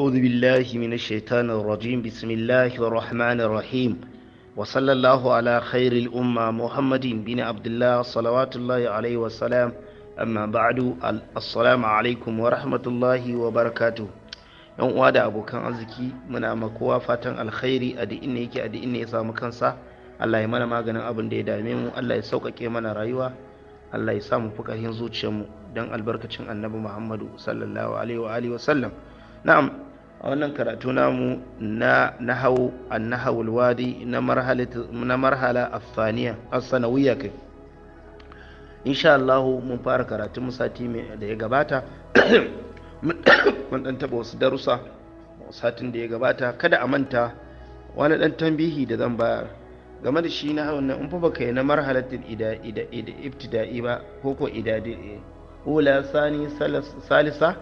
أعوذ بالله من الشيطان الرجيم بسم الله الرحمن الرحيم وصلى الله على خير الأمة محمد بن عبد الله صلوات الله عليه وسلم أما بعد السلام عليكم ورحمة الله وبركاته yan uwa da abokan arziki muna ma kowa fatan alkhairi a duk inda yake a duk inda ya samu kansa Allah ya mana maganin abin da ya dame mu Allah ya sauƙaƙe mana rayuwa Allah ya sa mu fi mu zuciyarmu don albarkacin annabi Muhammadu sallallahu alaihi wa alihi wa sallam na'am a wannan karatu namu na na hau alwadi na marhala afaniya as-sanawiyya kai insha Allah mun fara karatun sati da ya gabata mun dan taba wasu darussa satin da ya gabata kada a manta wani dan tambihi da zan bayar game da shi na wannan in fa baka yi na marhalatul ibtida'i ba ko ko idadi ula sani salisa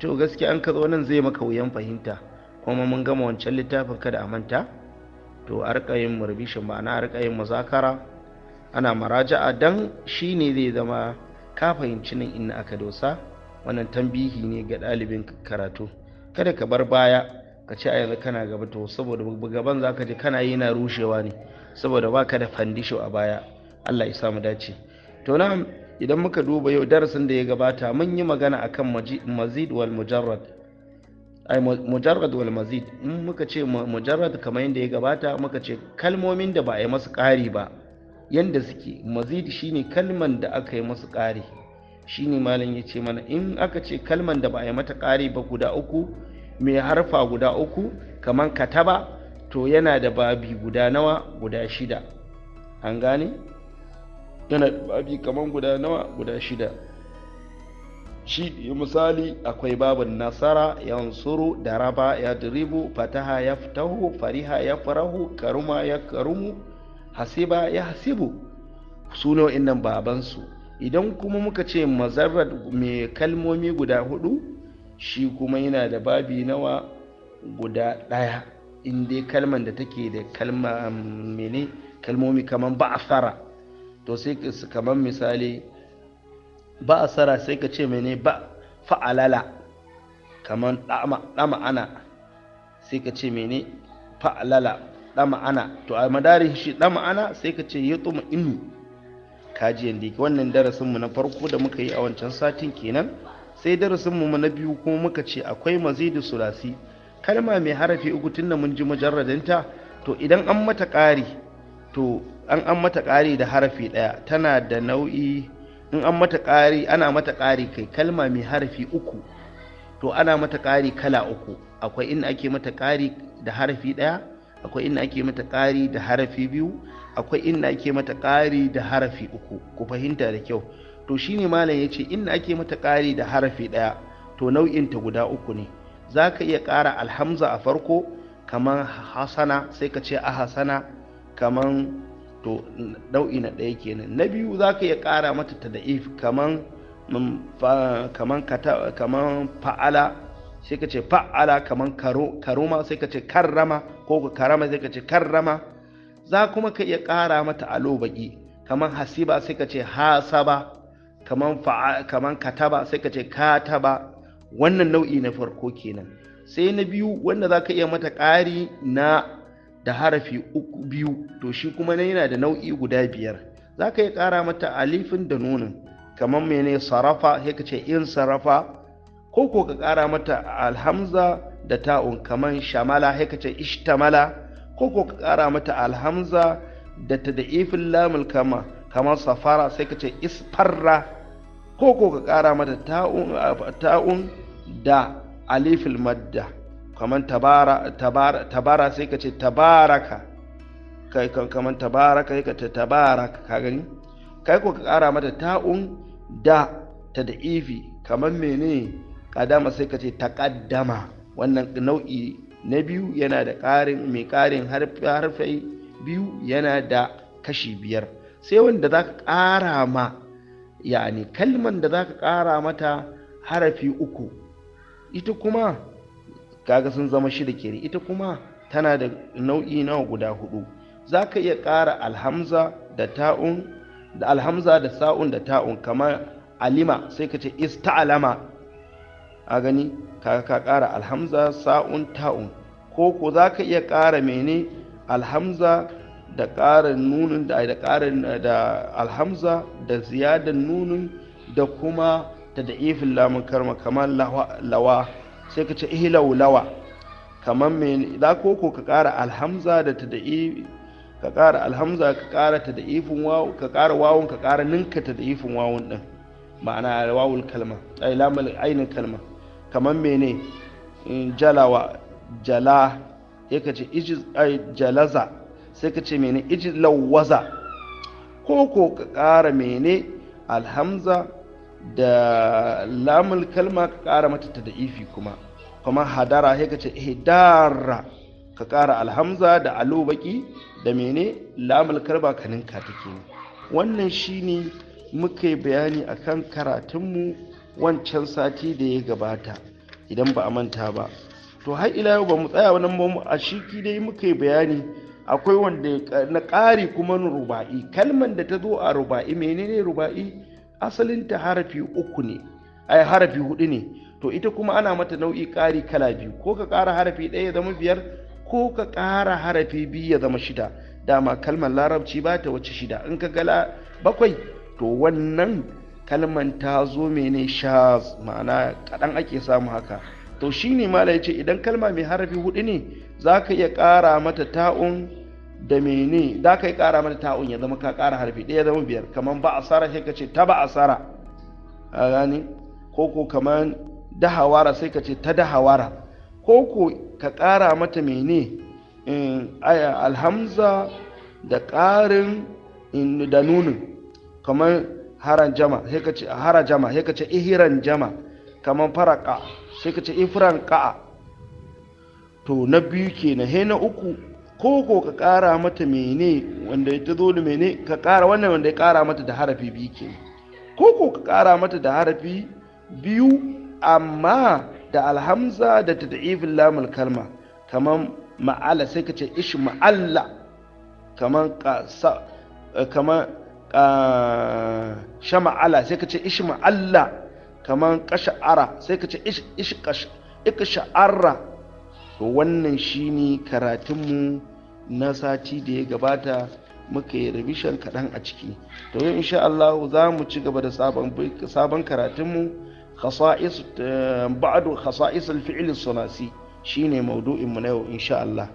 to gaskiya an ka zo nan zai maka wuyan fahimta kuma mun gama wancan littafin kada a manta to a rika yin murbishin ma'ana a rika yin muzakara ana maraja'a dan shi ne zai zama ka fahimci nan inna aka dosa wannan tambihi ne ga ɗalibin karatu kada ka bar baya ka ce a yanzu kana gaba to saboda gaban za ka je kana yi na rushewa ne saboda ba ka da fandisho a baya allah ya samu dace to na idan muka duba yau darasin da ya gabata mun yi magana akan mazid wal mujarrad ai mujarrad wal mazid in muka ce mujarrad kamar yadda ya gabata muka ce kalmomin da ba a yi masu ƙari ba yadda suke mazid shine kalman da aka yi masu ƙari shine malam ya ce mana in aka ce kalman da ba a yi mata ƙari ba guda uku mai harfa guda uku kamar kataba to yana da babi guda nawa guda shida an gane yana da babi kamar guda nawa guda shida shi misali akwai babin nasara yansuro daraba ya diribu fataha ya fitahu fariha ya farahu karuma ya karumu hasiba ya hasibu su nan babansu idan kuma muka ce mazarrat mai kalmomi guda hudu shi kuma yana da babi nawa guda ɗaya in kalman da take da kalma mm, mene kalmomi kamar fara to sai kamar misali ba a sara sai ka ce mene ba fa'alala kamar ɗama ana sai ka ce mene fa'alala ɗama ana to a madarin shi ɗama ana sai ka ce ya tsoma inu kaji yadda yake wannan darasinmu na farko da muka yi a wancan satin kenan sai darasinmu na biyu kuma muka ce akwai da sulasi kalma mai harafi uku tun da mun ji mujarradinta to idan an mata ƙari to an an mata ƙari da harafi ɗaya tana da nau'i in an mata ƙari ana mata ƙari kai kalma mai harafi uku to ana mata ƙari kala uku akwai inda ake mata ƙari da harafi ɗaya akwai inda ake mata ƙari da harafi biyu akwai inda ake mata ƙari da harafi uku ku fahimta da kyau to shine malam yace inda ake mata ƙari da harafi ɗaya to nau'in ta guda uku ne zaka iya ƙara alhamza a farko kamar hasana sai ka ce a hasana kaman to nau'i na ɗaya kenan na biyu za ka iya ƙara mata ta kaman kaman kaman fa'ala sai ka ce fa'ala kaman karuma sai ka ce karrama ko karama sai ka ce karrama za kuma ka iya ƙara mata alo baki kaman hasiba sai ka ce hasaba kaman kataba sai ka ce kataba wannan nau'i na farko kenan sai na biyu wanda za ka iya mata ƙari na da harafi uku biyu to shi kuma na yana da nau'i guda biyar za ka yi ƙara mata alifin da nunin kamar mene sarafa sai ka ce in sarrafa. ko ko ka ƙara mata alhamza da ta'un kamar shamala sai ka ce ishtamala ko ko ka ƙara mata alhamza da ifin lamul kama kamar safara sai ka ce isfarra ko ko ka ƙara mata ta'un da alifil madda kamar tabara tabara tabara sai ka ce tabaraka kai kamar tabaraka sai ka ce tabaraka ka gani kai ko ka kara mata ta'un da ta da ifi kamar mene kadama sai ka ce taqaddama wannan nau'i na biyu yana da ƙarin mai ƙarin harfai biyu yana da kashi biyar sai wanda za ka ma yani kalman da za ka mata harafi uku ita kuma kaga sun zama shida kenan ita kuma tana da nau'i nawa guda hudu za ka iya ƙara alhamza da ta'un da alhamza da sa'un da ta'un kamar alima sai ka ce ista'alama a gani kaga ka ƙara alhamza sa'un ta'un ko ko za ka iya ƙara mene alhamza da ƙarin nunin da da ƙarin da alhamza da ziyadan nunin da kuma ta da ifin lamun karma kamar lawa sai ka ce ihlaulawa kamar me za ko ko ka ƙara alhamza da ta tada'i ka ƙara alhamza ka ƙara ifin wawu ka ƙara wawun ka ƙara ninka ta da ifin wawun din ma'ana wawul kalma ai lamal ainin kalma kamar mene jalawa jala ya ka ce jalaza sai ka ce mene ijlawaza ko ko ka ƙara mene alhamza da lamul kalma ka ƙara mata da ifi kuma kuma hadara sai ka ce hidara eh, ka ƙara alhamza da alubaki da mene lamul kalma ka ninka take wannan shine muka yi bayani akan karatunmu wancan sati da ya gabata idan ba a manta ba to har ila yau ba mu tsaya wannan ba mu a shiki dai muka yi bayani akwai wanda na ƙari kuma ruba'i kalman da ta zo a ruba'i menene ruba'i asalinta harafi uku ne ai harafi hudu ne to ita kuma ana mata nau'i ƙari kala biyu ko ka ƙara harafi ɗaya ya zama biyar ko ka ƙara harafi biyu ya zama shida dama kalmar larabci ba ta wace shida in ka gala bakwai to wannan kalmar ta zo mene shaz ma'ana kaɗan ake samu haka to shine mala ya ce idan kalma mai harafi hudu ne za ka iya ƙara mata ta'un da mene da ka yi ƙara mata ta'un ya zama ka kara harfi ɗaya zama biyar kamar ba asara sai ka ce ta ba asara a gani ko ko kamar dahawara sai ka ce ta dahawara ko ko ka kara mata mene eh, alhamza da ƙarin da nunin kamar haran jama sai ka ce hara jama sai ka ce ihiran jama kamar faraka sai ka ce ifran ka'a to na biyu kenan he na uku ko ko ka ƙara mata mene wanda ya tazo da mene ka ƙara wannan wanda ya ƙara mata da harafi biyu ke ko ko ka ƙara mata da harafi biyu amma da alhamza da tad'ifin lamul kalma kaman ma'ala sai ka ce ish ma'alla kaman ka kaman shama'ala sai ka ce ish ma'alla kaman qash'ara sai ka ce ish ish qash iksha'ara to wannan shine karatunmu na sati da ya gabata muka yi revision kaɗan a ciki to yau insha Allah za mu ci gaba da sabon karatunmu eh, ba'adu khasa'is al-fi'l sunasi shine maudu'in mu na yau insha Allah